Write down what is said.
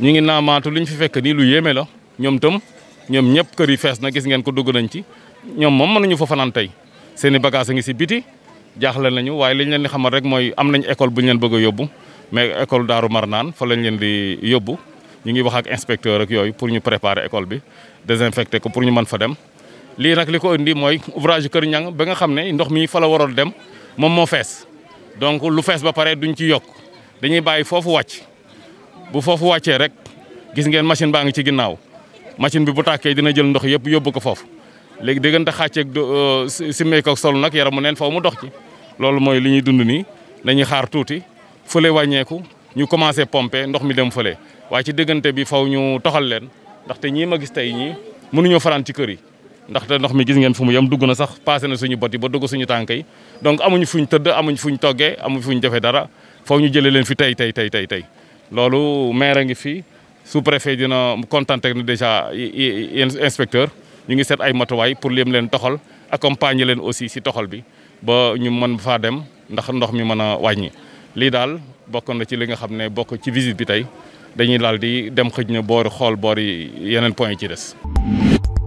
ñu ngi naamaatu liñ fi fekk nii lu yéeme la ñoom itam ñoom ñëpp kër yi fees na gis ngeen ko dugg nañ ci ñoom moom mënuñu fa fanaan tey seeni i a ngi si biti jaaxle nañu waaye liñ leen di xamal rek mooy am nañ école bu ñu leen bëgg a yóbbu mais école Daaru mar naan fa lañ leen di yóbbu ñu ngi wax ak inspecteur ak yooyu pour ñu préparer école bi désinfecté ko pour ñu mën fa dem lii nag li ko indi mooy ouvrage kër ñang ba nga xam ne ndox mi fa la dem moom moo fees donc lu fees ba pare duñ ci yokk dañuy bàyyi foofu wàcc bu foofu wàccee rek gis ngeen machine baa ngi ci ginnaaw machine bi bu tàkkee dina jël ndox yëpp yóbbu ko foofu léegi diggante xàcceeg euh, simmeekook sol nag yaramu neen faw mu dox ci loolu mooy lu ñuy dund nii dañuy xaar tuuti fële wàññeeku ñu commencé pompe ndox mi dem fële waa ci diggante bi faw ñu toxal leen ndaxte ñii ma gis tey ñii mënuñoo fanaan ci kër yi ndaxte ndox mi gis ngeen fu mu yem dugg na sax passé na suñu bot yi ba dugg suñu tànk yi donc amuñ fuñ tëdd amuñ ñu toggee amuñ fuñ defee dara foofu ñu jëlee leen fi tey tey tey tey tey loolu maire a ngi fi sous préfet dina contacté na déjà inspecteur ñu ngi seet ay matuwaay pour léem leen toxal accompagner leen aussi si toxal bi ba ñu mën faa dem ndax ndox mi mën a wàññi lii daal bokk na ci li nga xam ne bokk ci visite bi tey dañuy daal di dem xëj na boori xool boori yeneen point yi ci des